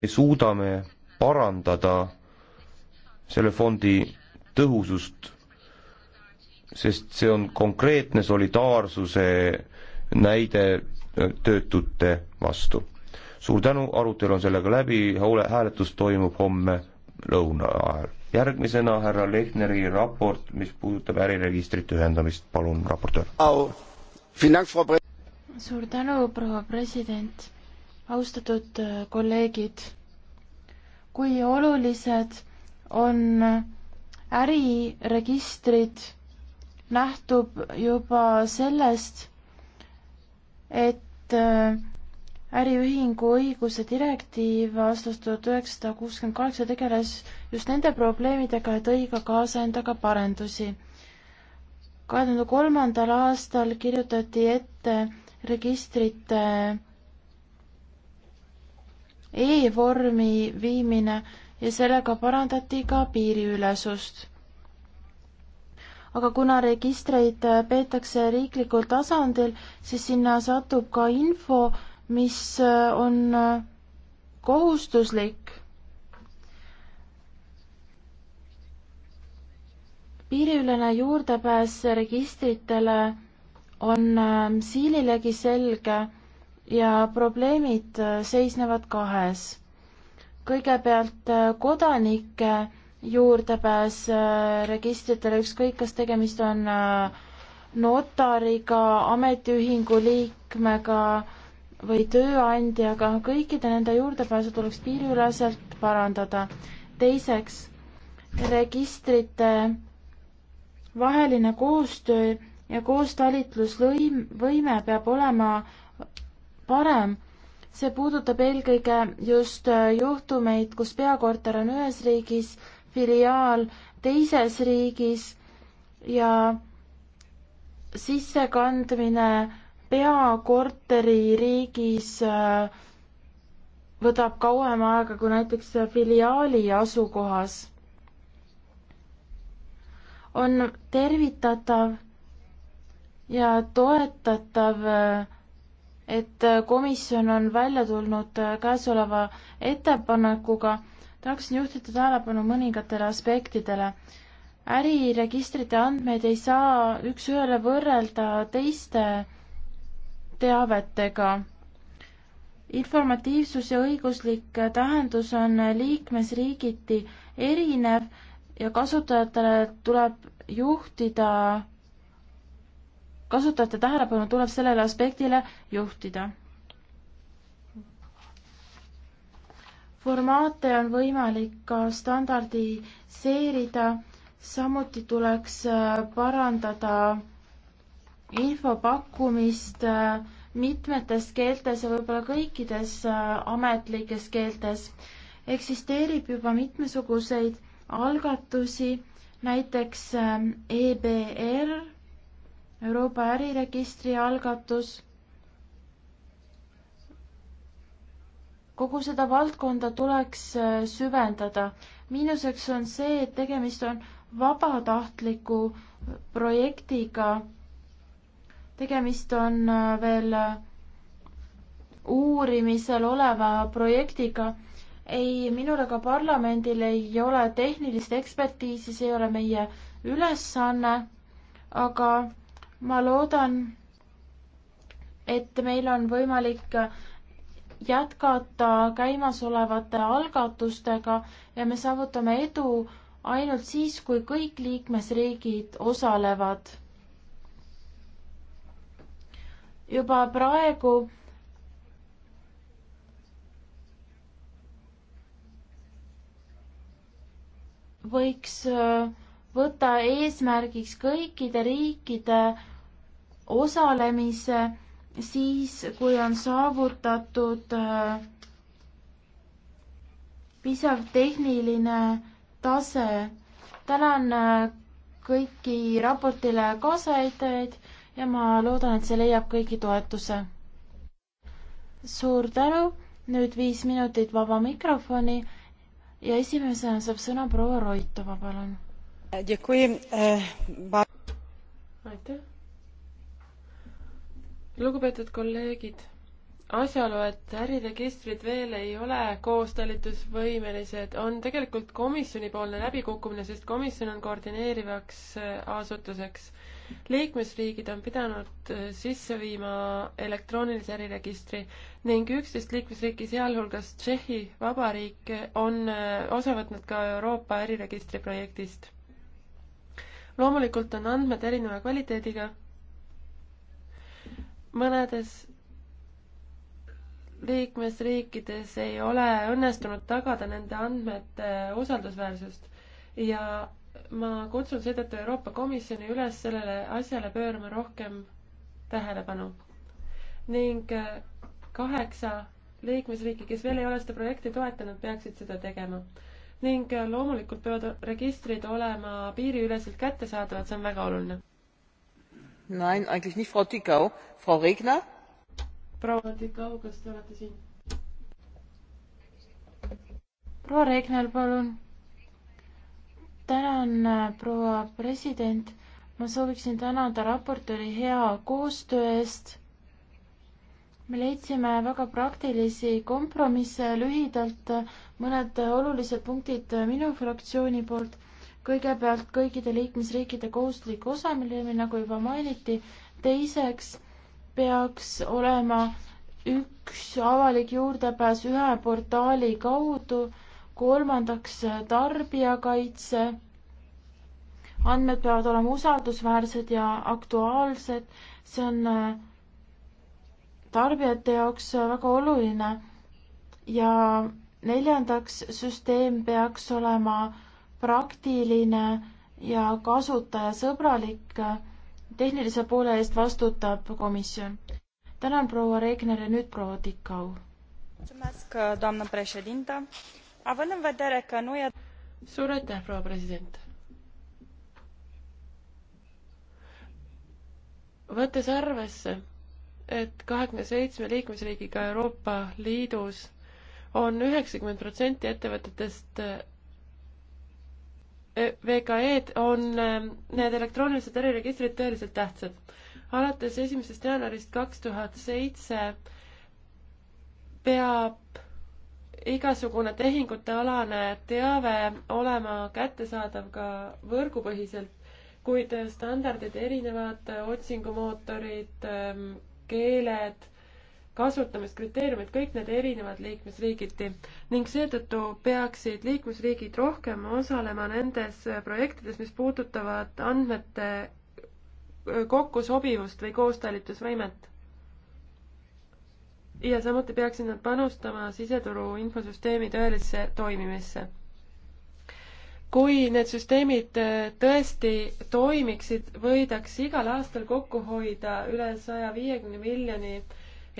me suudame parandada selle fondi tõhusust, sest see on konkreetne solidaarsuse näide töötute vastu. suur tänu, arutelu on sellega läbi, hääletus toimub homme lõuna ajal. järgmisena härra Lehtneri raport, mis puudutab äriregistrite ühendamist, palun, raportöör. suur tänu, proua president austatud äh, kolleegid, kui olulised on äriregistrid, nähtub juba sellest, et äh, äriühingu õiguse direktiiv aastast tuhat üheksasada kuuskümmend kaheksa tegeles just nende probleemidega, et õiga kaasa endaga parendusi. kahe tuhande kolmandal aastal kirjutati ette registrite e-vormi viimine ja sellega parandati ka piiriülesust. aga kuna registreid peetakse riiklikul tasandil, siis sinna satub ka info, mis on kohustuslik. piiriülene juurdepääs registritele on ähm, siililegi selge ja probleemid äh, seisnevad kahes. kõigepealt äh, kodanike juurdepääs äh, registritele, ükskõik kas tegemist on notariga, ametiühingu liikmega või tööandjaga, kõikide nende juurdepääsu tuleks piiriüleselt parandada. teiseks, registrite vaheline koostöö ja koostalitlusvõime peab olema parem. see puudutab eelkõige just äh, juhtumeid, kus peakorter on ühes riigis, filiaal teises riigis ja sissekandmine peakorteri riigis äh, võtab kauem aega kui näiteks filiaali asukohas. on tervitatav ja toetatav äh, et äh, komisjon on välja tulnud äh, käesoleva ettepanekuga, tahaksin juhtida tähelepanu mõningatele aspektidele. äriregistrite andmeid ei saa üks-ühele võrrelda teiste teavetega. informatiivsus ja õiguslik tähendus on liikmesriigiti erinev ja kasutajatele tuleb juhtida kasutajate tähelepanu tuleb sellele aspektile juhtida. formaate on võimalik ka standardiseerida, samuti tuleks äh, parandada info pakkumist äh, mitmetes keeltes ja võib-olla kõikides äh, ametlikes keeltes. eksisteerib juba mitmesuguseid algatusi, näiteks EBR Euroopa äriregistri algatus. kogu seda valdkonda tuleks äh, süvendada. miinuseks on see, et tegemist on vabatahtliku äh, projektiga. tegemist on äh, veel uurimisel oleva projektiga. ei, minul ega parlamendil ei ole tehnilist ekspertiisi, see ei ole meie ülesanne, aga ma loodan, et meil on võimalik jätkata käimasolevate algatustega ja me saavutame edu ainult siis, kui kõik liikmesriigid osalevad. juba praegu võiks äh, võta eesmärgiks kõikide riikide osalemise siis, kui on saavutatud äh, piisav tehniline tase. tänan äh, kõiki raportile kaasaaitajaid ja ma loodan, et see leiab kõigi toetuse. suur tänu, nüüd viis minutit vaba mikrofoni ja esimesena saab sõna proua Roitova, palun Eh, aitäh. lugupeetud kolleegid, asjaolu, et äriregistrid veel ei ole koostalitusvõimelised, on tegelikult komisjonipoolne läbikukkumine, sest komisjon on koordineerivaks eh, asutuseks. liikmesriigid on pidanud eh, sisse viima elektroonilise äriregistri ning üksteist liikmesriiki, sealhulgas Tšehhi Vabariik, on osa võtnud ka Euroopa äriregistri projektist loomulikult on andmed erineva kvaliteediga. mõnedes liikmesriikides ei ole õnnestunud tagada nende andmete usaldusväärsust ja ma kutsun seetõttu Euroopa Komisjoni üles sellele asjale pöörama rohkem tähelepanu. ning äh, kaheksa liikmesriiki, kes veel ei ole seda projekti toetanud, peaksid seda tegema ning loomulikult peavad registrid olema piiriüleselt kättesaadavad, see on väga oluline. Nein, eigentlich nicht Frau Tikau. Frau Regner? proua Tikau, kas te olete siin? proua Regner, palun. tänan, proua president. ma sooviksin tänada raportööri hea koostöö eest me leidsime väga praktilisi kompromisse, lühidalt mõned olulised punktid minu fraktsiooni poolt. kõigepealt kõikide liikmesriikide kohustuslik osalemine, nagu juba mainiti, teiseks peaks olema üks avalik juurdepääs ühe portaali kaudu, kolmandaks tarbijakaitse, andmed peavad olema usaldusväärsed ja aktuaalsed, see on äh, tarbijate jaoks väga oluline ja neljandaks, süsteem peaks olema praktiline ja kasutajasõbralik. tehnilise poole eest vastutab komisjon. tänan, proua Regner ja nüüd proua Tikau. E- suur aitäh, proua president võttes arvesse, et kahekümne seitsme liikmesriigiga Euroopa Liidus on üheksakümmend protsenti ettevõtetest eh, VKE-d, on eh, need elektroonilised äriregistrid tõeliselt tähtsad. alates esimesest jaanuarist kaks tuhat seitse peab igasugune tehingute-alane teave olema kättesaadav ka võrgupõhiselt, kuid standardid erinevad, otsingumootorid, ehm, keeled, kasutamiskriteeriumid, kõik need erinevad liikmesriigiti ning seetõttu peaksid liikmesriigid rohkem osalema nendes projektides, mis puudutavad andmete kokkusobivust või koostalitusvõimet. ja samuti peaksid nad panustama siseturu infosüsteemi tõelisse toimimisse kui need süsteemid äh, tõesti toimiksid, võidaks igal aastal kokku hoida üle saja viiekümne miljoni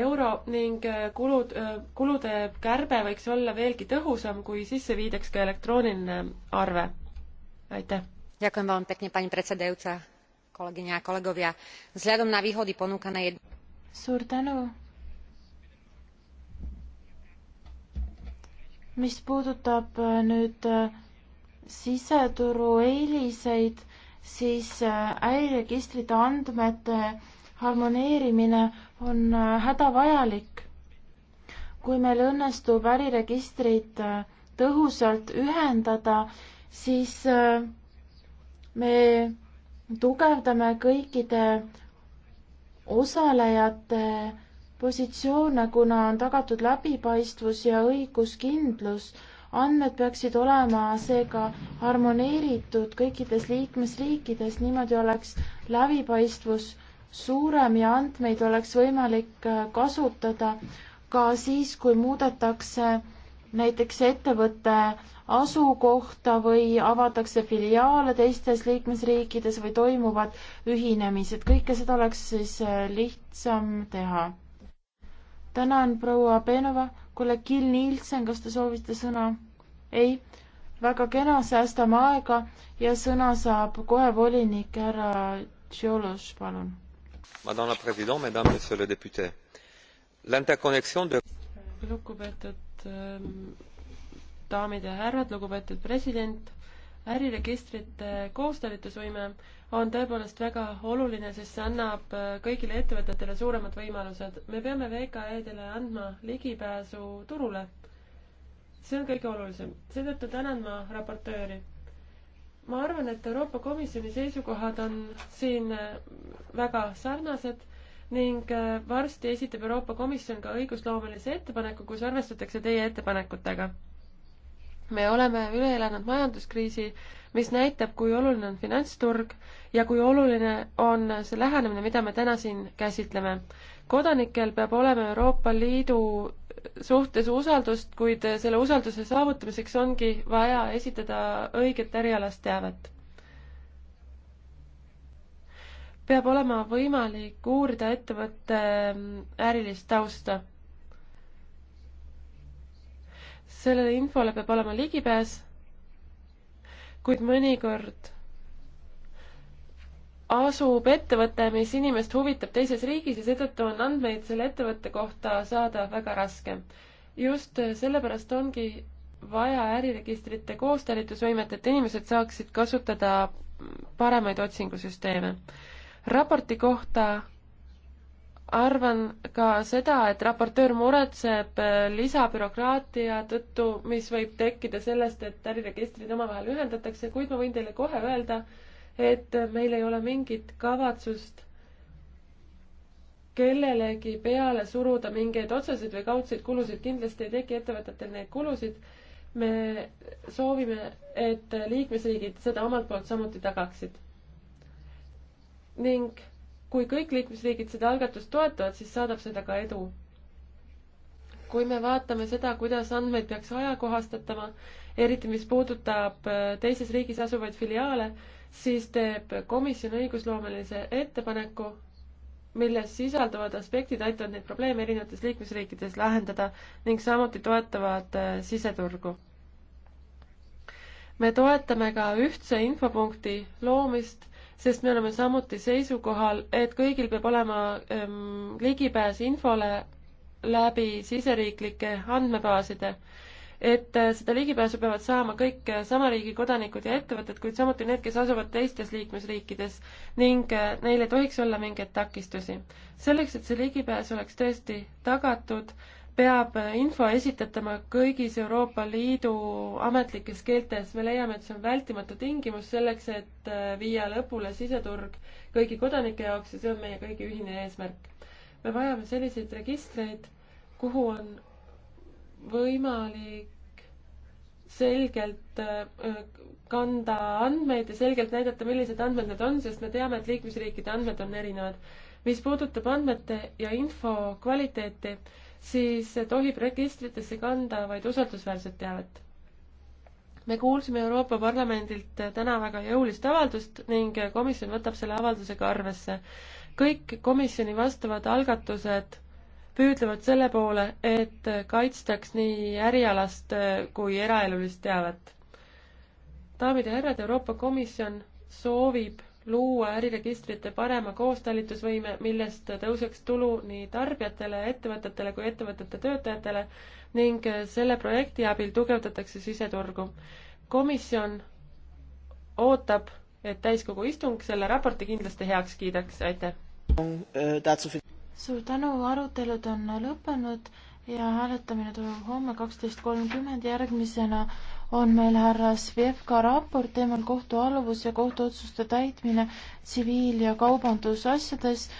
euro ning äh, kulud, äh, kulude kärbe võiks olla veelgi tõhusam, kui sisse viidaks ka elektrooniline arve. aitäh! vzhľadom na výhody ponúkanej mis puudutab nüüd siseturu eeliseid, siis äh, äriregistrite andmete harmoneerimine on äh, hädavajalik. kui meil õnnestub äriregistrid äh, tõhusalt ühendada, siis me tugevdame kõikide osalejate positsioone, kuna on tagatud läbipaistvus ja õiguskindlus andmed peaksid olema seega harmoneeritud kõikides liikmesriikides, niimoodi oleks läbipaistvus suurem ja andmeid oleks võimalik äh, kasutada ka siis, kui muudetakse näiteks ettevõtte asukohta või avatakse filiaale teistes liikmesriikides või toimuvad ühinemised, kõike seda oleks siis äh, lihtsam teha. tänan, proua Peenova, kolleeg Kill Nielsen, kas te soovite sõna? ei? väga kena, säästame aega ja sõna saab kohe volinik härra Tšiolos, palun. Madame la Présidente, Mesdames, Messieurs les députés. L'interconnexion de lugupeetud ähm, daamid ja härrad, lugupeetud president äriregistrite koostalitusvõime on tõepoolest väga oluline, sest see annab äh, kõigile ettevõtetele suuremad võimalused. me peame VKE-dele andma ligipääsu turule. see on kõige olulisem, seetõttu tänan ma raportööri. ma arvan, et Euroopa Komisjoni seisukohad on siin äh, väga sarnased ning äh, varsti esitab Euroopa Komisjon ka õigusloomelise ettepaneku, kus arvestatakse teie ettepanekutega me oleme üle elanud majanduskriisi, mis näitab, kui oluline on finantsturg ja kui oluline on see lähenemine, mida me täna siin käsitleme. kodanikel peab olema Euroopa Liidu suhtes usaldust, kuid selle usalduse saavutamiseks ongi vaja esitada õiget ärialast teavet. peab olema võimalik uurida ettevõtte ähm, ärilist tausta sellele infole peab olema ligipääs, kuid mõnikord asub ettevõte, mis inimest huvitab teises riigis ja seetõttu on andmeid selle ettevõtte kohta saada väga raske. just sellepärast ongi vaja äriregistrite koostalitusvõimet, et inimesed saaksid kasutada paremaid otsingusüsteeme. raporti kohta arvan ka seda, et raportöör muretseb äh, lisabürokraatia tõttu, mis võib tekkida sellest, et äriregistrid omavahel ühendatakse, kuid ma võin teile kohe öelda, et meil ei ole mingit kavatsust kellelegi peale suruda mingeid otseseid või kaudseid kulusid, kindlasti ei teki ettevõtetel neid kulusid. me soovime, et liikmesriigid seda omalt poolt samuti tagaksid. ning kui kõik liikmesriigid seda algatust toetavad, siis saadab seda ka edu. kui me vaatame seda, kuidas andmeid peaks ajakohastatama, eriti mis puudutab äh, teises riigis asuvaid filiaale, siis teeb komisjon õigusloomelise ettepaneku, milles sisalduvad aspektid aitavad neid probleeme erinevates liikmesriikides lahendada ning samuti toetavad äh, siseturgu. me toetame ka ühtse infopunkti loomist sest me oleme samuti seisukohal, et kõigil peab olema ähm, ligipääs infole läbi siseriiklike andmebaaside. et äh, seda ligipääsu peavad saama kõik äh, sama riigi kodanikud ja ettevõtted, kuid samuti need, kes asuvad teistes liikmesriikides ning äh, neil ei tohiks olla mingeid takistusi. selleks, et see ligipääs oleks tõesti tagatud äh,, peab info esitatama kõigis Euroopa Liidu ametlikes keeltes. me leiame, et see on vältimatu tingimus selleks, et äh, viia lõpule siseturg kõigi kodanike jaoks ja see on meie kõigi ühine eesmärk. me vajame selliseid registreid, kuhu on võimalik selgelt äh, kanda andmeid ja selgelt näidata, millised andmed need on, sest me teame, et liikmesriikide andmed on erinevad. mis puudutab andmete ja info kvaliteeti, siis tohib registritesse kanda vaid usaldusväärset teavet. me kuulsime Euroopa Parlamendilt täna väga jõulist avaldust ning komisjon võtab selle avaldusega arvesse. kõik komisjoni vastavad algatused püüdlevad selle poole, et kaitstaks nii ärialast kui eraelulist teavet. daamid ja härrad, Euroopa Komisjon soovib luua äriregistrite parema koostalitusvõime, millest tõuseks tulu nii tarbijatele, ettevõtetele kui ettevõtete töötajatele ning selle projekti abil tugevdatakse siseturgu. komisjon ootab, et täiskogu istung selle raporti kindlasti heaks kiidaks, aitäh! suur tänu, arutelud on lõppenud ja hääletamine toimub homme kaksteist kolmkümmend, järgmisena on meil härra Svjevka raport teemal kohtualluvus ja kohtuotsuste täitmine tsiviil- ja kaubandusasjades.